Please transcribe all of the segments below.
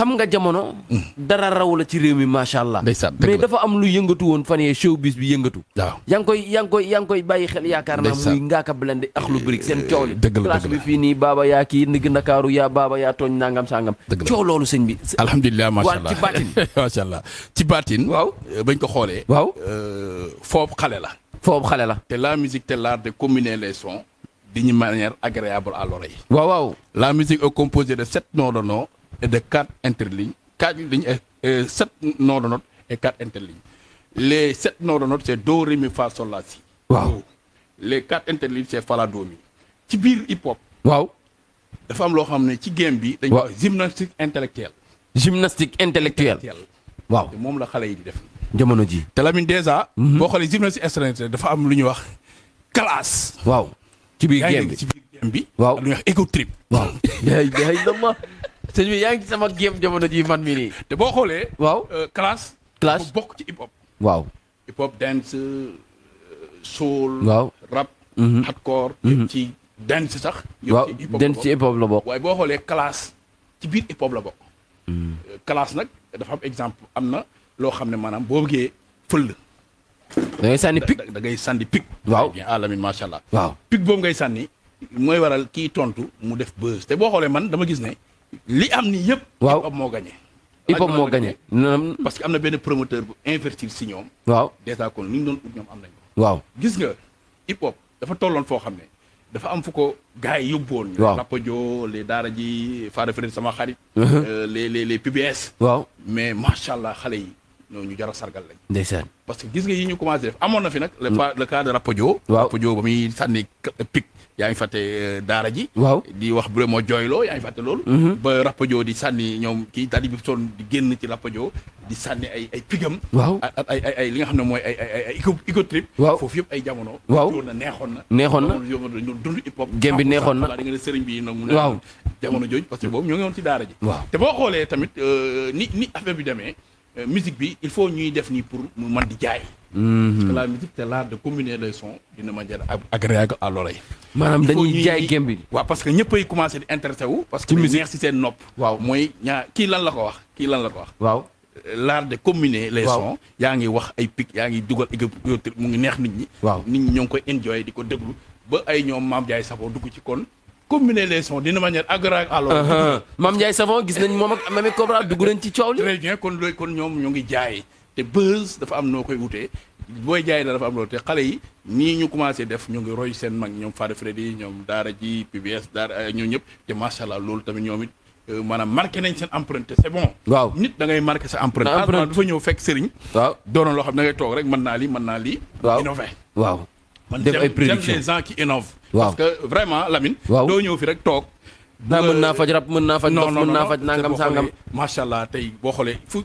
xam nga jamono. Mm. dara raw la ci réew mi macha allah. mais dafa am lu yëngatu woon fan yee showbiz bi yëngatu. waaw yaa ngi koy yaa ngi koy yaa ngi koy bàyyi xel yaakaar naa muy ngaaka blende ak lu bëri seen coow li. dëgg la bi fii nii baaba yaa kii ndig ndakaaru yaa baaba yaa tooñ nangam sangam. dëgg la coow loolu sëñ bi. alhamdulilah macha allah waaw ci baatin. macha allah ci baatin. waaw euh, bañ ko xoolee. waaw euh, foofu xale la. foofu xale la. te la musique te l'art de combiner les sons. d'une manière agréable à l'oreille. waaw waaw. la musique est composée de sept noms de noms et de quatre interlignes. quatre lignes et, noms de notes et quatre interlignes. Les sept de notes, c'est Do, Ré, Mi, Fa, Sol, Wow. Oh. Les quatre interlignes, c'est Fa, La, Do, Mi. hip hop. wow Les femmes, ci game gymnastique intellectuelle. gymnastique intellectuelle. wow C'est la mhm. gymnastique sëñ yaa ngi sama géem jamono ji man mii nii. te boo xoolee. waaw euh, classe. classe mu bokk ci hip hop. waaw hip hop dance euh, soul. waaw rap. Mhm. hardcore. Mhm. ci denc sax. waaw dance ci hip hop la bokk waaye boo xoolee classe ci biir hip hop la bokk. Mhm. Euh, classe nag dafa exemple am na loo xam ne maanaam boo bëggee fël. da ngay sànni pic da ngay sànni pic. waaw bien alamin ah, macha allah. boobu ngay sànni. mooy waral kii tontu mu def buzz te boo xoolee man dama gis ne. li am nii yëpp. waaw hip moo gagné. hip hop moo gagné. parce que am na benn promoteur bu investir si ñoom. waaw dèjà kon li ñu doon ut ñoom am nañ ko. waaw gis nga hip hop dafa tolloon foo xam ne dafa am fu ko gars yi yóbbu woon. waaw Daara ji Fada Fred sama xarit. Uh-huh. Euh, les les les PBS. waaw mais macha allah xale yi. ñooñu jar a sargal lañ. parce que gis nga yi ñu commencé def amoon na fi nag. le mm. le cas de Rapadio. waaw Rapadio ba muy sànni pic. yaa ngi euh, daara ji. waaw di wax bu moo jooyloo yaa ngi fàtte loolu. Mm-hmm. ba Rapadio di sànni ñoom kii daal bi son di génn ci Rapadio di sànni ay ay pigam. waaw ak ay li nga xam ne mooy ay ay ay éco waaw foofu yëpp ay jamono. waaw na neexoon na. neexoon na loolu dund hip hop. gém bi neexoon na da nga ne sëriñ bi nag mu ne jamono jooju parce que ñoo ngi woon ci ji. waaw te boo xoolee tamit euh, ni ni affaire bi demee. Euh, musique il faut ñuy def ni pour mu man di jaay. Mhm. parce que la musique c'est l'art de combiner les sons d'une manière agréable à l'oreille. manam dañuy jaay gem bi. parce que ñeppay di intéressé parce que musique si nop. waaw lan la ko wax ki lan la ko wax. Euh, l'art de combiner les sons. ya ngi wax ay pic ngi mu ngi neex nit ñi. nit ñi enjoy diko ba ay jaay dugg ci kon combiner les sons d'une manière agréable alors. mam Savon gis nañ mom ak Cobra ci très bien kon kon buzz dafa am la dafa am lo té xalé yi ñu commencé def ñu ngi roy sen mag Freddy ñom dara ji PBS Dar euh, ñu ñëpp té machallah lool tamit ñoom it euh, marqué nañ Wow. c'est bon. nit da ngay marqué sa empreinte. dafa ñëw fekk sëriñ. waaw xam ngay tok rek man na li man na li waaw. les gens qui innovent. waaw parce que vraiment Lamine. waaw doo ñëw fi rek toog. naa mën naa faj rab mën naa faj. ndox mën naa faj nangam sangam. macha allah tey boo xoolee fu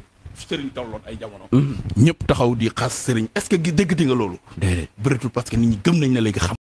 sëriñ tolloon ay jamono. Mhm. ñëpp taxaw di xas sëriñ est-ce que dégg di nga loolu. déedéet bëreetul parce que nit ñi gëm nañ na léegi xam.